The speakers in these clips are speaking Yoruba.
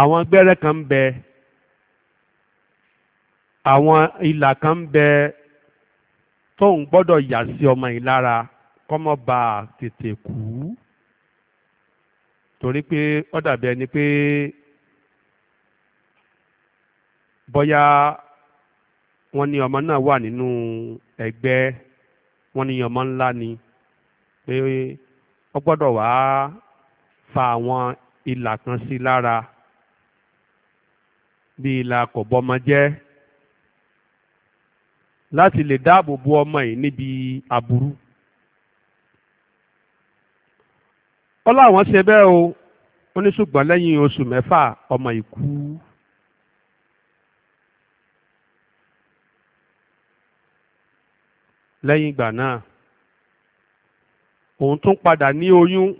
àwọn gbẹ́rẹ́ kan ń bẹ àwọn ìlà kan ń bẹ tóun gbọ́dọ̀ yà sí ọmọ yìí lára kọ́mọ́ bá a tètè kú torí pé ó dàbí ẹni pé bóyá wọ́n ní ọmọ náà wà nínú ẹgbẹ́ wọ́n ní ọmọ ńlá ni pé ó gbọ́dọ̀ wá fa àwọn ìlà kan sí lára bí ilà kò bọ́mọ jẹ́ láti lè dáàbò bo ọmọ yìí níbi aburú. ó láwọn ṣe bẹ́ẹ̀ o ó ní ṣùgbọ́n lẹ́yìn oṣù mẹ́fà ọmọ yìí kú. lẹ́yìn ìgbà náà òun tún padà ní oyún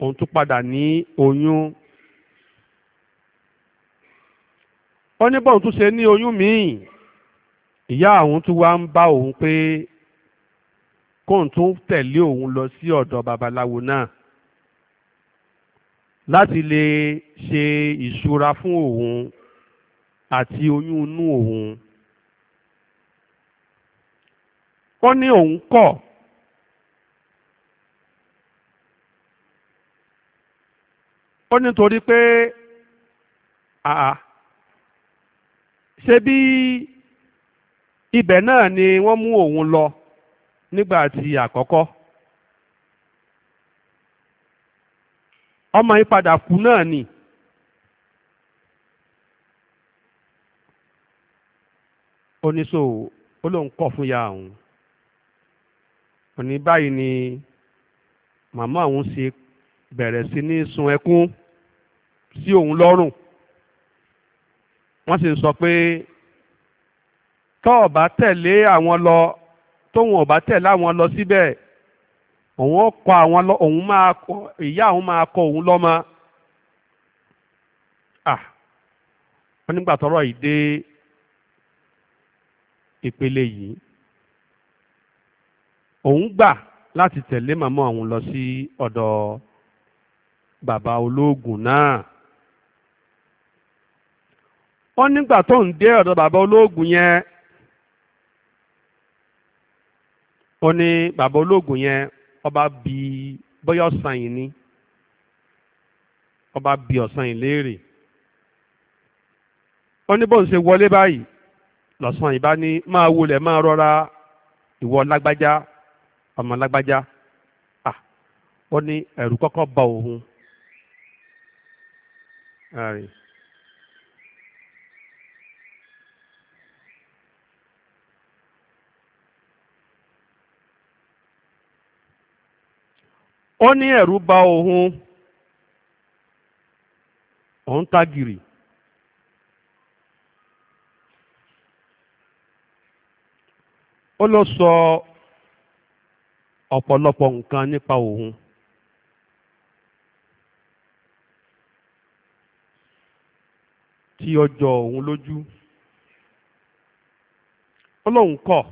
òun tún padà ní oyún ó ní bọ́ọ̀n tún ṣe ní oyún míì ìyá òun tún wá ń bá òun pé kóun tún tẹ̀lé òun lọ sí ọ̀dọ̀ babaláwo náà láti lè ṣe ìṣúra fún òun àti oyún inú òun ó ní òun kọ̀ ó nítorí pé àà ṣe bí ibẹ̀ náà ni wọ́n mú òun lọ nígbà tí àkọ́kọ́ ọmọ yìí padà kú náà ni. oníṣòwò ó lóun kọ̀ fún ya òun òní báyìí ni màmá òun ṣe bẹ̀rẹ̀ sí ní sun ẹkún sí òun lọ́rùn wọ́n sì ń sọ pé tọ́ ọ̀bá tẹ̀lé àwọn lọ tóun ọ̀bá tẹ̀lé àwọn lọ síbẹ̀ òun ó kọ àwọn lọ òun máa kọ ìyá òun máa kọ òun lọ́mọ ah wọ́n nígbà tọ́rọ̀ yìí dé ìpele yìí òun gbà láti tẹ̀lé màmá òun lọ sí ọ̀dọ̀ bàbá olóògùn náà ó nígbà tó ń dé ọ̀dọ̀ bàbá olóògùn yẹn ó ní bàbá olóògùn yẹn ọba bí bóyá ọ̀sán yìí ni ọba bí ọ̀sán yìí léèrè ó ní bóun ṣe wọlé báyìí lọ́sàn yìí bá ní máa wulẹ̀ máa rọra ìwọ lágbájá ọmọ lágbájá à ó ní ẹ̀rù kọ́kọ́ bá òun. All right. ó ní ẹ̀rù bà òun òun tágìrì ó lọ sọ ọ̀pọ̀lọpọ̀ nǹkan nípa òun. tí ọjọ́ òun lójú ó lóun kọ̀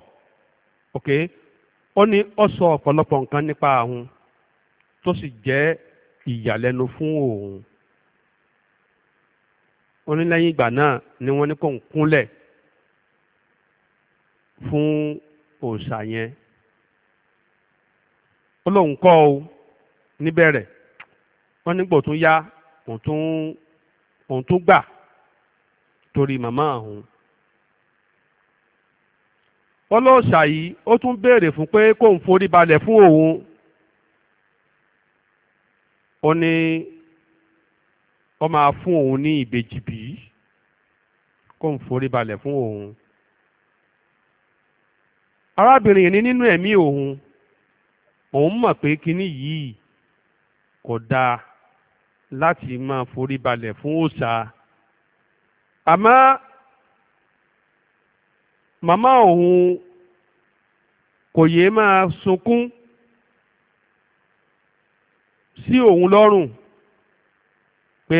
ó ní ó sọ ọ̀pọ̀lọpọ̀ nǹkan tó sì jẹ́ ìyàlẹ́nu fún òun ó ní lẹ́yìn ìgbà náà ni wọ́n ní kò ń kúnlẹ̀ fún òòṣà yẹn ó lóun kọ́ o níbẹ̀rẹ̀ wọ́n nígbò tó yá òun tó gbà torí màmá òun ó lóòṣà yìí ó tún béèrè fún pé kóun forí balẹ̀ fún òun ó ní ó máa fún òun ní ìbejì bí kó ń forí balẹ̀ fún òun arábìnrin ní nínú ẹ̀mí òun òun mọ̀ pé kinní yìí kò dáa láti máa forí balẹ̀ fún òòṣà àmọ́ màmá òun kò yéé máa sunkún sí òun lọ́rùn pé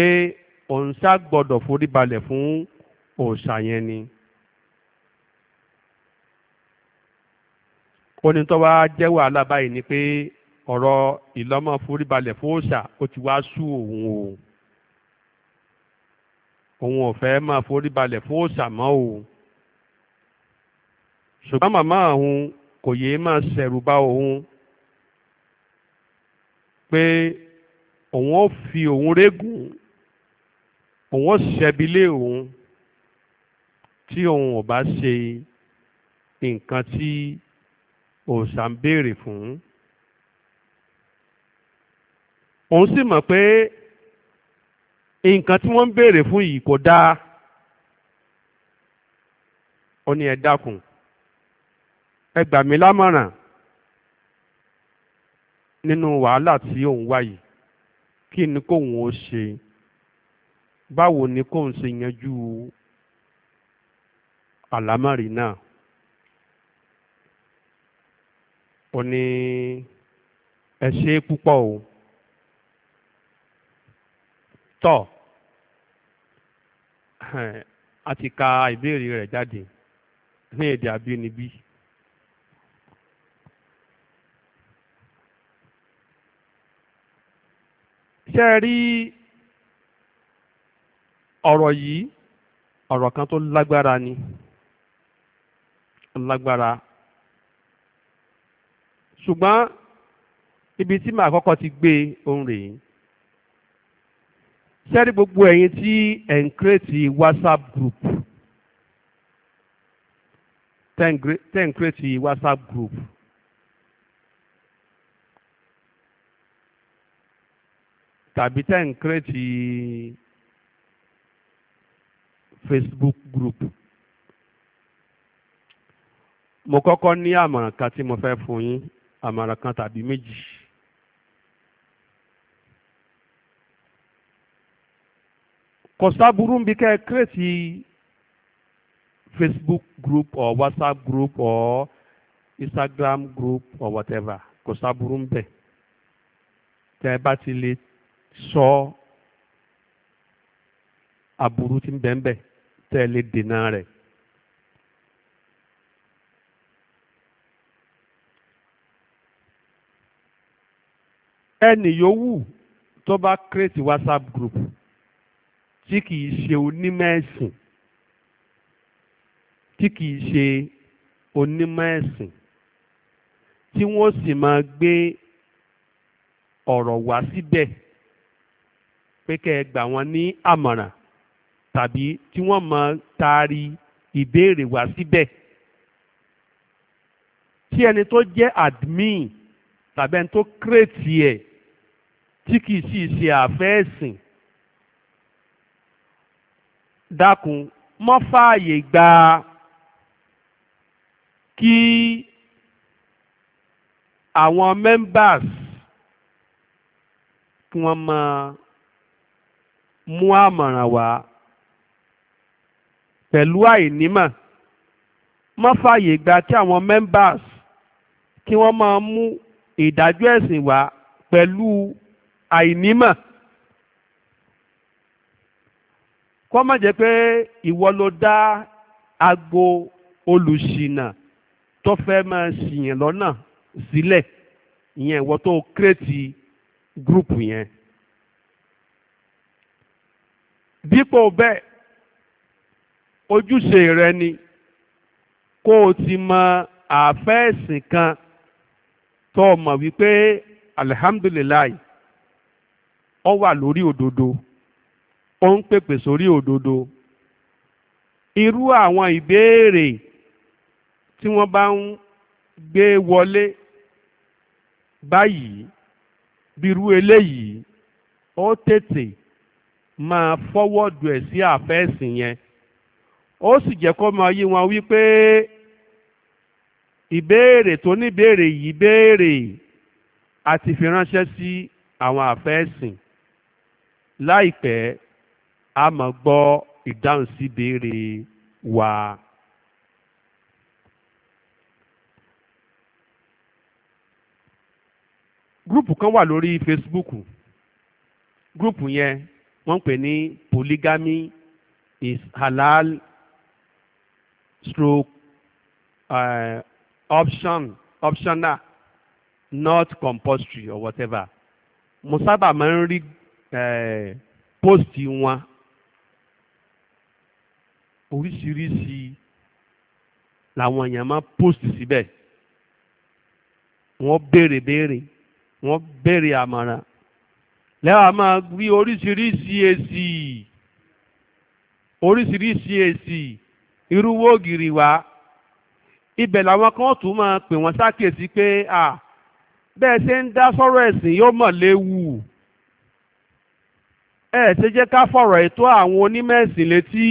òun ṣá gbọ́dọ̀ forí balẹ̀ fún òòṣà yẹn ni. onítọ́wá jẹ́ wàhálà báyìí ni pé ọ̀rọ̀ ìlọ́mọ forí balẹ̀ fún òòṣà ó ti wá sú òun o òun ò fẹ́ máa forí fún òòṣà mọ́ o ṣùgbọ́n màmá òun kò yéé máa ṣẹ̀rù bá òun pé òun ó fi òun régùn òun ó ṣẹbi lé òun tí òun ò bá ṣe nǹkan tí òòṣà ń béèrè fún. òun sì mọ̀ pé nǹkan tí wọ́n ń béèrè fún yìí kò dáa ó ní ẹ dákun ẹ gbà mí lámọ̀ràn nínú wàhálà tí òun wà yìí kí ni kóun ó ṣe báwo ni kóun ṣe yanjú àlámọ̀rí náà ó ní ẹ ṣe é púpọ̀ o tọ́ a ti ka ìbéèrè rẹ̀ jáde ní èdè àbínibí. ṣe rí ọ̀rọ̀ yìí ọ̀rọ̀ kan tó lágbára ni lágbára ṣùgbọ́n ibi tí màá kọ́kọ́ ti gbé ohun rèé ṣe gbogbo ẹ̀yin tí ẹ̀ ń kírètì WhatsApp group Ten, ń kírètì WhatsApp group. tàbí tẹ́ ń kírètì Facebook group mo kọ́kọ́ ní àmọ̀ràn kan tí mo fẹ́ fún yín àmọ̀ràn kan tàbí méjì. kò sáburú ń bi kẹ́ ẹ kírètì Facebook group or WhatsApp group or Instagram group or whatever kò sáburú ń bẹ̀ tẹ́ ẹ bá ti lè sọ aburú tí ń bẹ́ẹ̀ bẹ́ẹ̀ tẹ́ ẹ lè dènà rẹ̀. ẹnì yòówù tó bá create whatsapp group tí kìí ṣe onímọ̀ ẹ̀sìn tí kìí ṣe onímọ̀ tí wọ́n sì máa gbé ọ̀rọ̀ wá síbẹ̀. Si pé kẹ́ ẹ gbà wọ́n ní àmọ̀ràn tàbí tí wọ́n mọ taari ìbéèrè wá síbẹ̀ tí ẹni tó jẹ́ admin tàbí ẹni tó kírètì ẹ̀ tí kìí sì ṣe àfẹ́ẹ̀sìn dákun mọ́ fààyè gba kí àwọn members kí wọ́n máa mú àmọ̀ràn wá pẹ̀lú àìnímọ̀ má fààyè gba kí àwọn members kí wọ́n máa mú ìdájọ́ ẹ̀sìn wá pẹ̀lú àìnímọ̀ kó má jẹ́ pé ìwọ ló dá agbo olùṣìnà tó fẹ́ máa ṣìyàn lọ́nà sílẹ̀ ìyẹn ìwọ tó kírètì gúrùpù yẹn. dípò bẹ́ẹ̀ ojúṣe rẹ ni kó o ti mọ àfẹ́ẹ̀sìn kan tó o mọ̀ wípé alihamdulilayi ó wà lórí òdodo ó ń pèpè sórí òdodo irú àwọn ìbéèrè tí wọ́n bá ń gbé wọlé báyìí bírú eléyìí ó tètè máa fọwọ́dù ẹ̀ sí àfẹ́sìn yẹn ó sì jẹ́ kó máa yí wọn wípé ìbéèrè tó níbéèrè yìí béèrè àti fìránṣẹ́ sí àwọn àfẹ́sìn láìpẹ́ a máa gbọ́ ìdáhùn sí béèrè wa. gúrùpù kan wà lórí Facebook gúrùpù yẹn wọ́n pè ní polygamy is halal stroke uh, option optional not compulsory or whatever mo sábà máa ń rí eh, póòsì wọn oríṣiríṣi làwọn èèyàn máa póòsì síbẹ̀ wọ́n béèrè béèrè wọ́n béèrè àmọ̀ràn lẹ́wà máa rí oríṣiríṣi èsì oríṣiríṣi èsì irúwó ògiri wá ibẹ̀ làwọn kan tún máa pè wọ́n ṣàkíyèsí pé à bẹ́ẹ̀ ṣe ń dá sọ́rọ̀ ẹ̀sìn yóò mọ̀ léwu ẹ ṣe jẹ́ ká fọ̀rọ̀ ètò àwọn onímọ̀ ẹ̀sìn létí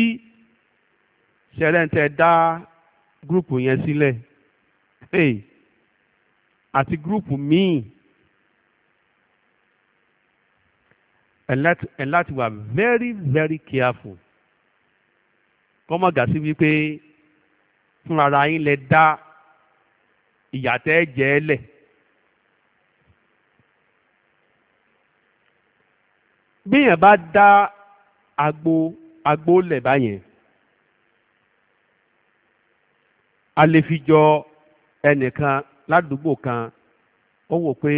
ṣẹlẹ́ǹtẹ̀ dá gúrùpù yẹn sílẹ̀ àti gúrùpù míì and and láti are very very careful kọ́mọ̀gà sí wípé fúnra ara yín lè dá ìyàtẹ́ jẹ́ lẹ̀. bíyàn bá dá agbo agbo lẹ̀ báyẹn a lè fi jọ ẹnìkan ládùúgbò kan ó wò pé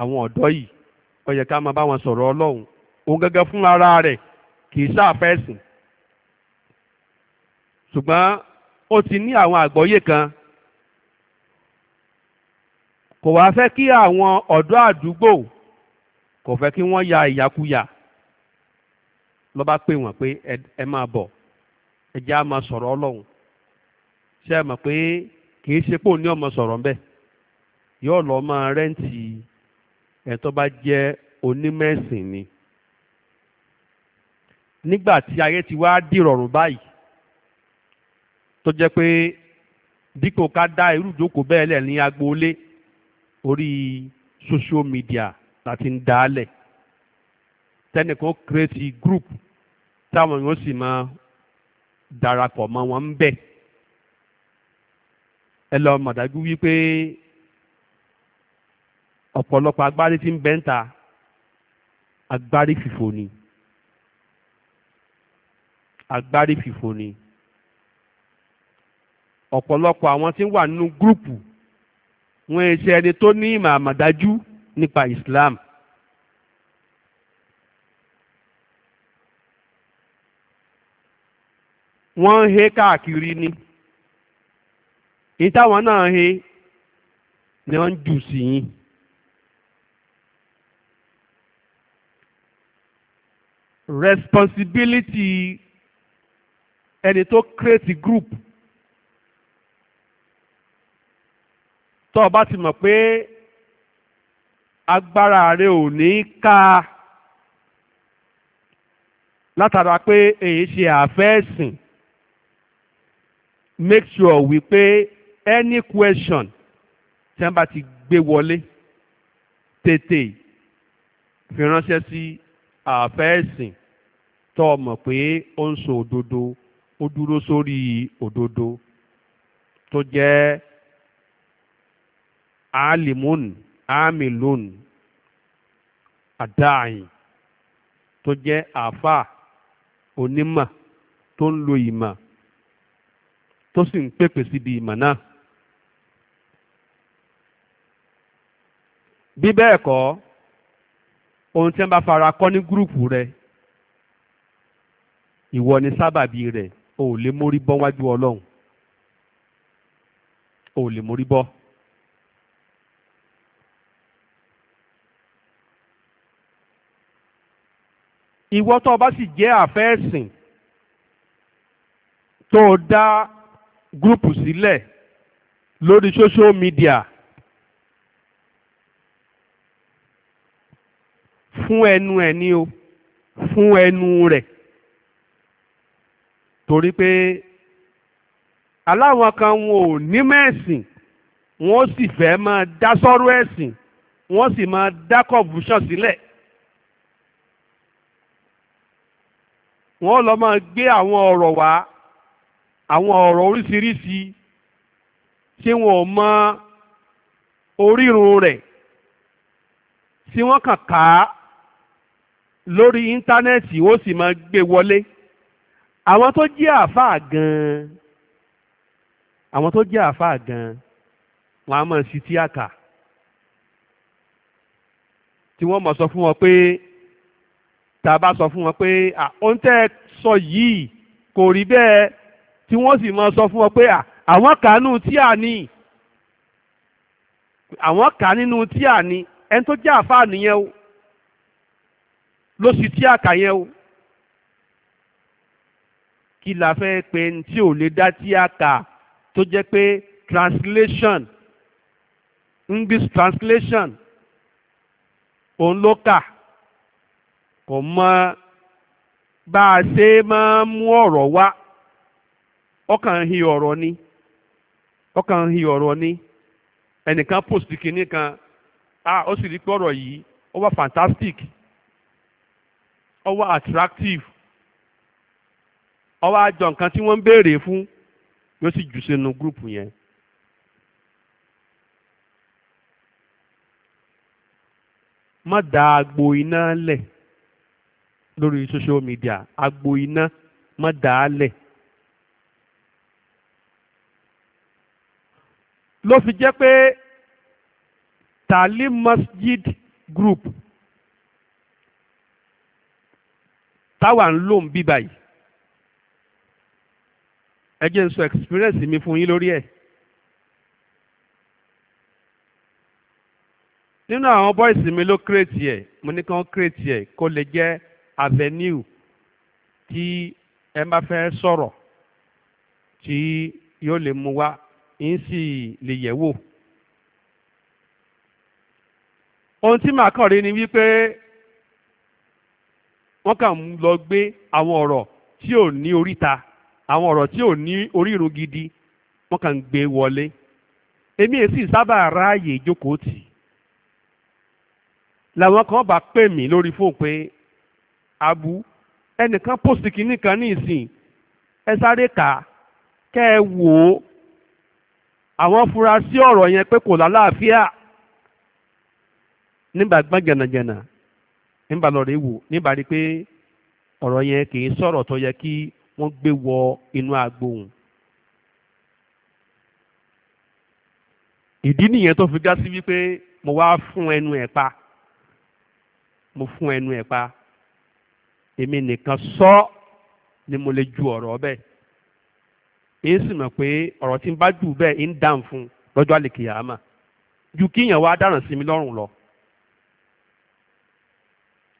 àwọn ọ̀dọ́ yìí ó máa bá wọn sọ̀rọ̀ ọlọ́run òun gẹ́gẹ́ fún ara rẹ̀ kì í ṣàfẹ́sìn ṣùgbọ́n ó ti ní àwọn àgbọ́yé kan kò wá fẹ́ kí àwọn ọ̀dọ́ àdúgbò kò fẹ́ kí wọ́n ya ìyakuya ló bá pè wọ́n pé ẹ máa bọ̀ ẹ jẹ́ á máa sọ̀rọ̀ ọlọ́run ṣé ẹ mọ̀ pé kì ṣe pò ní ọmọ sọ̀rọ̀ ńbẹ̀ yóò lọ́ọ́ máa rẹ́ǹtì ẹ̀ tó bá jẹ́ onímẹ̀sìn ni nígbà tí ayé ti wá dìrọ̀rùn báyìí tó jẹ́ pé dípò ká dá irú ìjókòó bẹ́ẹ̀ lẹ̀ ní agboolé orí social media láti ń dá lẹ̀ tẹ́nìkan create group táwọn yóò sì máa darapọ̀ mọ́ wọn ń bẹ̀ ẹ lọ mọ̀dájú wípé ọ̀pọ̀lọpọ̀ agbárí tí ń bẹ́ńta agbárí fìfò ni agbárí fìfò ni ọ̀pọ̀lọpọ̀ àwọn tí ń wà nínú gúrùpù wọn ẹ ṣe ẹni tó ní ìmọ̀ àmọ̀dájú nípa Islam. wọ́n ń he káàkiri ni ìtàwọn náà he ni wọ́n ń jù sí yín. responsibility ẹni tó create group tó o bá ti mọ̀ pé agbára rẹ ò ní ká látara pé èyí ṣe àfẹ́ẹ̀sìn make sure wípé any question tí wọ́n bá ti gbé wọlé tètè fi ránṣẹ́ sí àfẹ́ẹ̀sìn tó o mọ̀ pé ó ń sọ òdodo ó dúró sórí òdodo tó jẹ́ alimun amilun adáyìn tó jẹ́ àáfà onímọ̀ tó ń lo ìmọ̀ tó sì ń pèpè síbi ìmọ̀ náà. bí bẹ́ẹ̀ kọ́ ohun tí wọ́n bá fara kọ́ ní gúrùpù rẹ̀ ìwọ ni sábàbí rẹ̀ o ò lè mórí bọ́ wájú ọlọ́run o ò lè mórí bọ́. ìwọ tó o bá sì jẹ́ àfẹ́ẹ̀sìn tó o dá gúrùpù sílẹ̀ lórí social media fún ẹnu ẹ ní o fún ẹnu rẹ̀ torí pé aláwọn kan wọn ò ní mẹ́sìn wọ́n sì fẹ́ máa dá sọ́rọ̀ ẹ̀sìn wọ́n sì máa dá kọ̀bùsàn sílẹ̀. wọ́n lọ máa gbé àwọn ọ̀rọ̀ wá àwọn ọ̀rọ̀ oríṣiríṣi tí wọn mọ orírun rẹ̀ tí wọ́n kàn ká lórí íńtánẹ́ẹ̀tì wọ́n sì máa gbé wọlé àwọn tó jẹ́ àáfàá gan-an àwọn tó jẹ́ àáfàá gan-an wọn a máa ṣi tí àkà tí wọ́n mọ̀ sọ fún wọn pé tá a bá sọ fún wọn pé ohun tẹ́ ẹ sọ yìí kò rí bẹ́ẹ̀ tí wọ́n sì mọ̀ sọ fún wọn pé àwọn kàánú tí a ní àwọn kà nínú tí a ní ẹni tó jẹ́ àáfàá nìyẹn o ló ṣi tí àkà yẹn o. kí la fẹ́ pé tí ò lè dá tí a kà tó jẹ́ pé translation English translation òun ló kà kò mọ bá a ṣe máa mú ọ̀rọ̀ wá ọkàn hi ọ̀rọ̀ ni ọkàn hi ọ̀rọ̀ ni ẹnìkan post kìíní kan ah ó sì rí pé ọ̀rọ̀ yìí ó wà fantastic ó wà attractive ọwọ́ àjọ nǹkan tí wọ́n ń béèrè fún yóò sì jù sínú gúrùpù yẹn. má da agbo iná lẹ̀ lórí social media agbo iná má da á lẹ̀. ló fi jẹ́ pé Talim Masjid Group táwa ń lò ń bí ẹ jẹ́ sọ experience mi fún yín lórí ẹ̀. nínú àwọn bọ́ìsì mi ló kírètì ẹ̀ mo ní kí wọ́n kírètì ẹ̀ kó lè jẹ́ avenue tí ẹ bá fẹ́ sọ̀rọ̀ tí yóò lè mú wá yín sì lè yẹ̀ wò. ohun tí màá kàn rí ni wípé wọ́n kàn lọ gbé àwọn ọ̀rọ̀ tí ò ní oríta. àwọn ọ̀rọ̀ tí ò ní gidi wọ́n kàn ń gbé wọlé èmi èsì sábà ráàyè jókòó tì làwọn kan bá pè mí lórí fóun pé abu ẹnìkan post kìíní kan ní ìsìn ẹ sáré kà á ẹ wò ó àwọn fura ọ̀rọ̀ yẹn pé kò lálàáfíà nígbà gbọ́n jẹ̀nàjẹ̀nà nígbà lọ́ọ́ wọ́n gbé wọ inú agbóhùn. ìdí nìyẹn tó fi já sí wípé mo wá fún ẹnu ẹ̀ pa mo fún ẹnu ẹ̀ pa èmi nìkan sọ ni mo lè ju ọ̀rọ̀ bẹ́ẹ̀ èyí sì mọ̀ pé ọ̀rọ̀ tí ń bá jù bẹ́ẹ̀ ń dáhùn fún lọ́jọ́ àlèkìyàmà ju kíyàn wá dáràn sí mi lọ́rùn lọ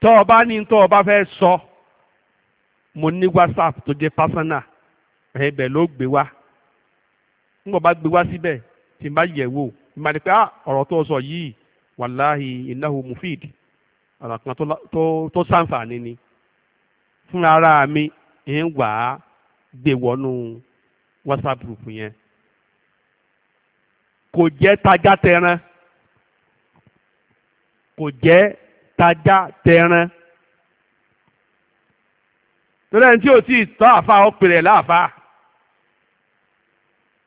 tọ́ ọ bá ní tọ́ ọ bá fẹ́ sọ. So, mo ní whatsapp tó jẹ́ personal ibẹ̀ ló gbé wá nígbà bá gbé wá síbẹ̀ tí n bá yẹ̀ wò n bá ní pé ah ọ̀rọ̀ tó sọ yìí wàláhì innahu mufid ọ̀rọ̀ kan tó sàǹfààní ni fún ara mi ń wà á gbé wọnú whatsapp group yẹn kò jẹ́ tajá tẹran kò jẹ́ tajá tẹran. torí ẹni tí ò tí tọ́ àfa ó pèrè láàfa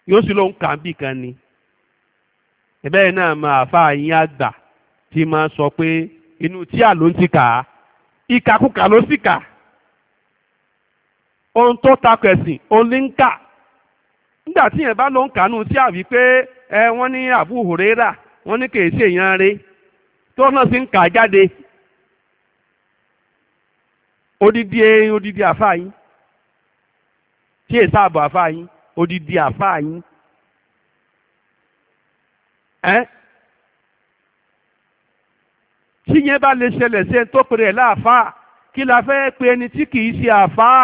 yóò sì ń kà ń bì kan ni ẹ̀bẹ́ náà mà àfa yín àgbà tí máa sọ pé inú tíà ló ń ti kà á ìkàkùkà ló sì kà ohun tó takò ẹ̀sìn òun ní ń kà nígbà tí yẹn bá ló ń kànú tí pé ẹ wọ́n ní Abu wọ́n ní kèé sí èèyàn tó náà sì ń kà jáde odidi e, odidi àfáà yín tí èsà àbọ̀ àfáà yín odidi àfáà yín ẹ́ tí yẹn bá lè ṣẹlẹ̀ sí ẹni tó pèrè ẹ̀ láàfáà kí la fẹ́ pe ẹni tí kìí ṣe àfáà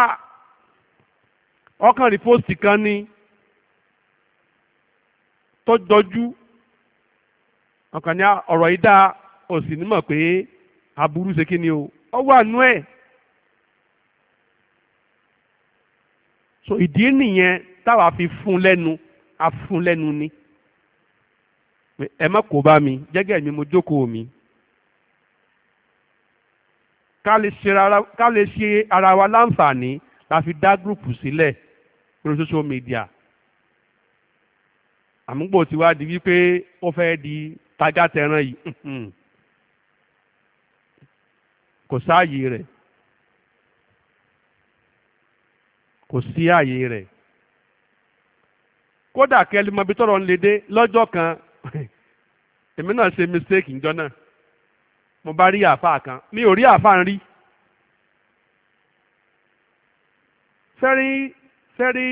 ọkàn rìpọ́sìtì kan ni tó jọjú ọkàn ní ah, ọ̀rọ̀ yìí dáa ò nímọ̀ pé aburú ṣe kí ni o ọ wà ẹ̀. so ìdí nìyẹn táwa fi fún lẹ́nu a lẹ́nu ni ẹ má kó bá mi jẹ́gẹ́ mi mo jókòó mi ká lè ṣe ara wa láǹfààní la fi dá gúrùpù sílẹ̀ lórí social media àmúgbò tí wàá di wípé ó fẹ́ di tagatẹran yìí kò sáàyè rẹ̀. kò sí ààyè rẹ̀ kódà kẹlí mọbi tọrọ ń le dé lọ́jọ́ kan èmi náà ṣe mistake ńjọ́ náà mo bá rí àáfàá kan mi ò rí àáfàá ń rí very very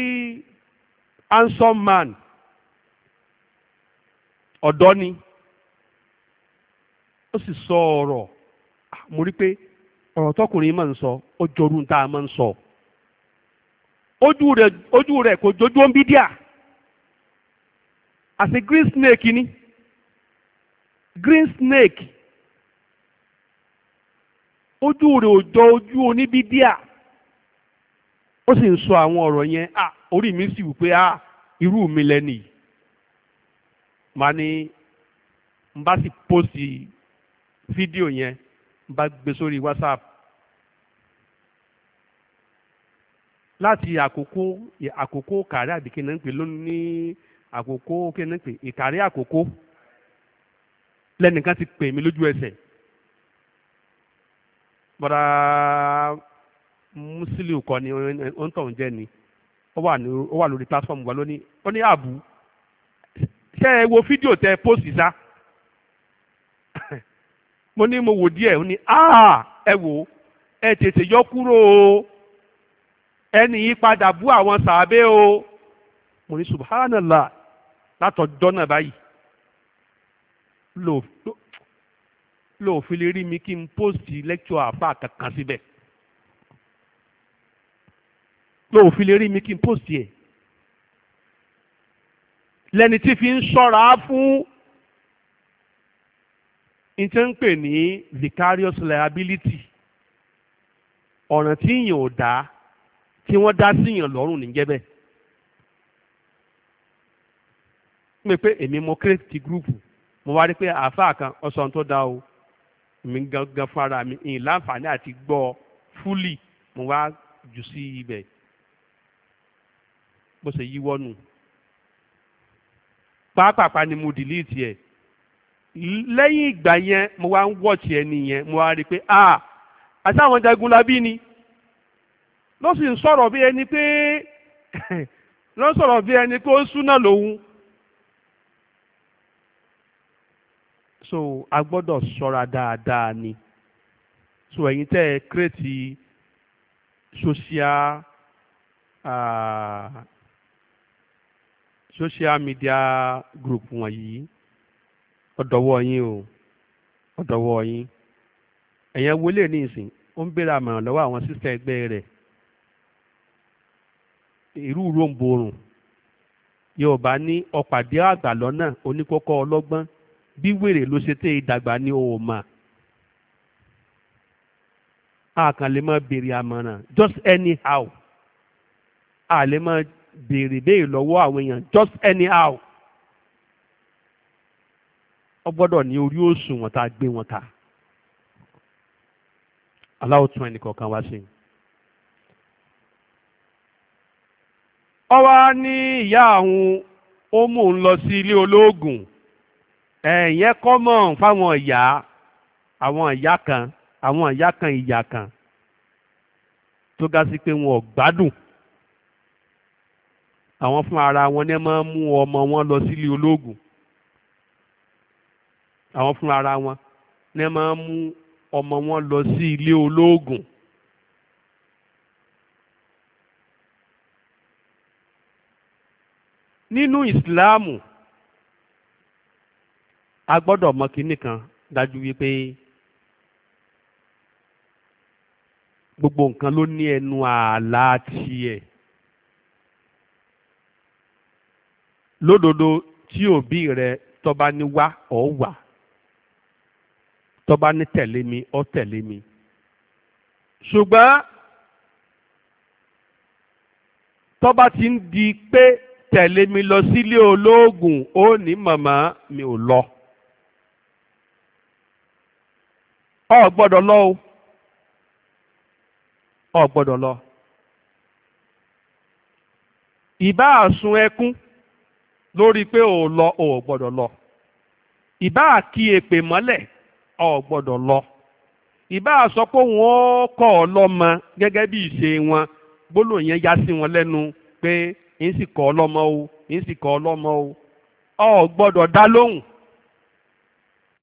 handsome man ọ̀dọ́ ni ó sì sọ ọ̀rọ̀ ah, mo rí pé ọ̀rọ̀ tọkùnrin máa ń sọ ó jọrú tá a máa ń sọ. So ojú rẹ̀ ojú rẹ̀ kò jójú ń bí díà àti green snake ni green snake ojú rẹ̀ ò jọ ojú oníbí díà ó sì ń sọ àwọn ọ̀rọ̀ yẹn à orí mi sì wù pé à irú mi lẹ́nu yìí màá ní n bá sì pósì fídíò yẹn n bá gbé sórí whatsapp láti àkókò àkókò kàrí àbíkí náà ń pè lónìí ní àkókò kí náà ń pè ìkàrí àkókò lẹ́nìkan ti pè mí lójú ẹsẹ̀ bọ́dà Musiliu kọ́ ni ó ń tọ̀hún jẹ́ ni ó wà lórí platform wa lónìí ó ní ààbò ṣé ẹ wo fídíò tẹ post sá mo ní mo wò díẹ̀ ó ní ẹ wò ẹ tètè yọ kúrò o ẹni yìí padà bú àwọn sàábé o mo ní subhanallah látọjọ́ náà báyìí lò fi lè rí mi kí n pósìtì lẹ́kítọ̀ àfa kankan síbẹ̀ lò fi lè rí mi kí n pósìtì ẹ̀ lẹ́ni tí fi ń ṣọ́ra fún n ti ń pè ní vicarious liability ọ̀ràn tí yìnyín ò dáa tí wọ́n dá síyàn lọ́rùn níjẹ́ bẹ́ẹ̀. wọ́n mi pé èmi mo create ti gúrùpù mo wá rí pé àáfàá kan ọ̀sán tó dá o mi gangan fún ara mi ìyìn láǹfààní àti gbọ́ fúlì mo wá jù sí ibẹ̀ bó ṣe yíwọ́ nù pàápàá ni mo delete ẹ̀ lẹ́yìn ìgbà yẹn mo wá ń wọ̀ọ̀tì ẹni yẹn mo wá rí pé ah àtàwọn jagunlabí ni ló sì ń sọ̀rọ̀ bí ẹni pé ló ń sọ̀rọ̀ bí ẹni pé ó ń súná lòun. so a gbọ́dọ̀ ṣọ́ra dáadáa ni so ẹ̀yin tẹ́ ẹ kírètì social uh, social media group wọ̀nyí ọ̀dọ̀wọ́ yín o ọ̀dọ̀wọ́ yín ẹ̀yẹn wọlé ní ìsìn ó ń béèrè àmọ̀ràn lọ́wọ́ àwọn sísẹ́ ẹgbẹ́ rẹ̀ irú ròǹbòrùn yorùbá ní ọ̀pàdé àgbà lọ́nà oníkókó ọlọ́gbọ́n bí wèrè ló ṣe tẹ́ ìdàgbà ní òòmà àkàn lè máa béèrè àmọ̀ràn just anyhow a lè máa béèrè béèrè lọ́wọ́ àwọn èèyàn just anyhow ọ gbọ́dọ̀ ní orí òṣùwọ̀n tá a gbé wọn ta aláwọ̀ tún ẹnì kọ̀ọ̀kan wá sí i. ọ wá ní ìyá àwọn ó mú un lọ sí ilé olóògùn ẹ̀yẹn kọ́mọ̀ fáwọn ìyá àwọn ìyá kan àwọn ìyá kan ìyá kan tó ga sí pé wọn ò gbádùn àwọn fún ara wọn ní máa ń mú ọmọ wọn lọ sílé olóògùn àwọn fún ara wọn ní máa ń mú ọmọ wọn lọ sí ilé olóògùn nínú ìsìláàmù a gbọ́dọ̀ mọ kinní kan dájú wípé gbogbo nǹkan ló ní ẹnu ààlà tiẹ̀ lódodo tí òbí rẹ tó bá ní wá ọ wà tó ní tẹ̀lé mi ọ tẹ̀lé mi ṣùgbọ́n tó ti ń di pé tẹ̀lé mi lọ sílé olóògùn ó ní màmá mi ò lọ. ọ gbọ́dọ̀ lọ o ọ gbọ́dọ̀ lọ. ìbá àsun ẹkún lórí pé ò lọ ò gbọ́dọ̀ lọ ìbá kí èpè mọ́lẹ̀ ọ gbọ́dọ̀ lọ ìbá sọ pé wọn kọ ọ lọ́mọ gẹ́gẹ́ bí ìṣe wọn gbólóyìn yá sí wọn lẹ́nu pé ń sì kọ́ ọlọ́mọ o ń sì kọ́ ọlọ́mọ o ọ gbọ́dọ̀ dá lóhùn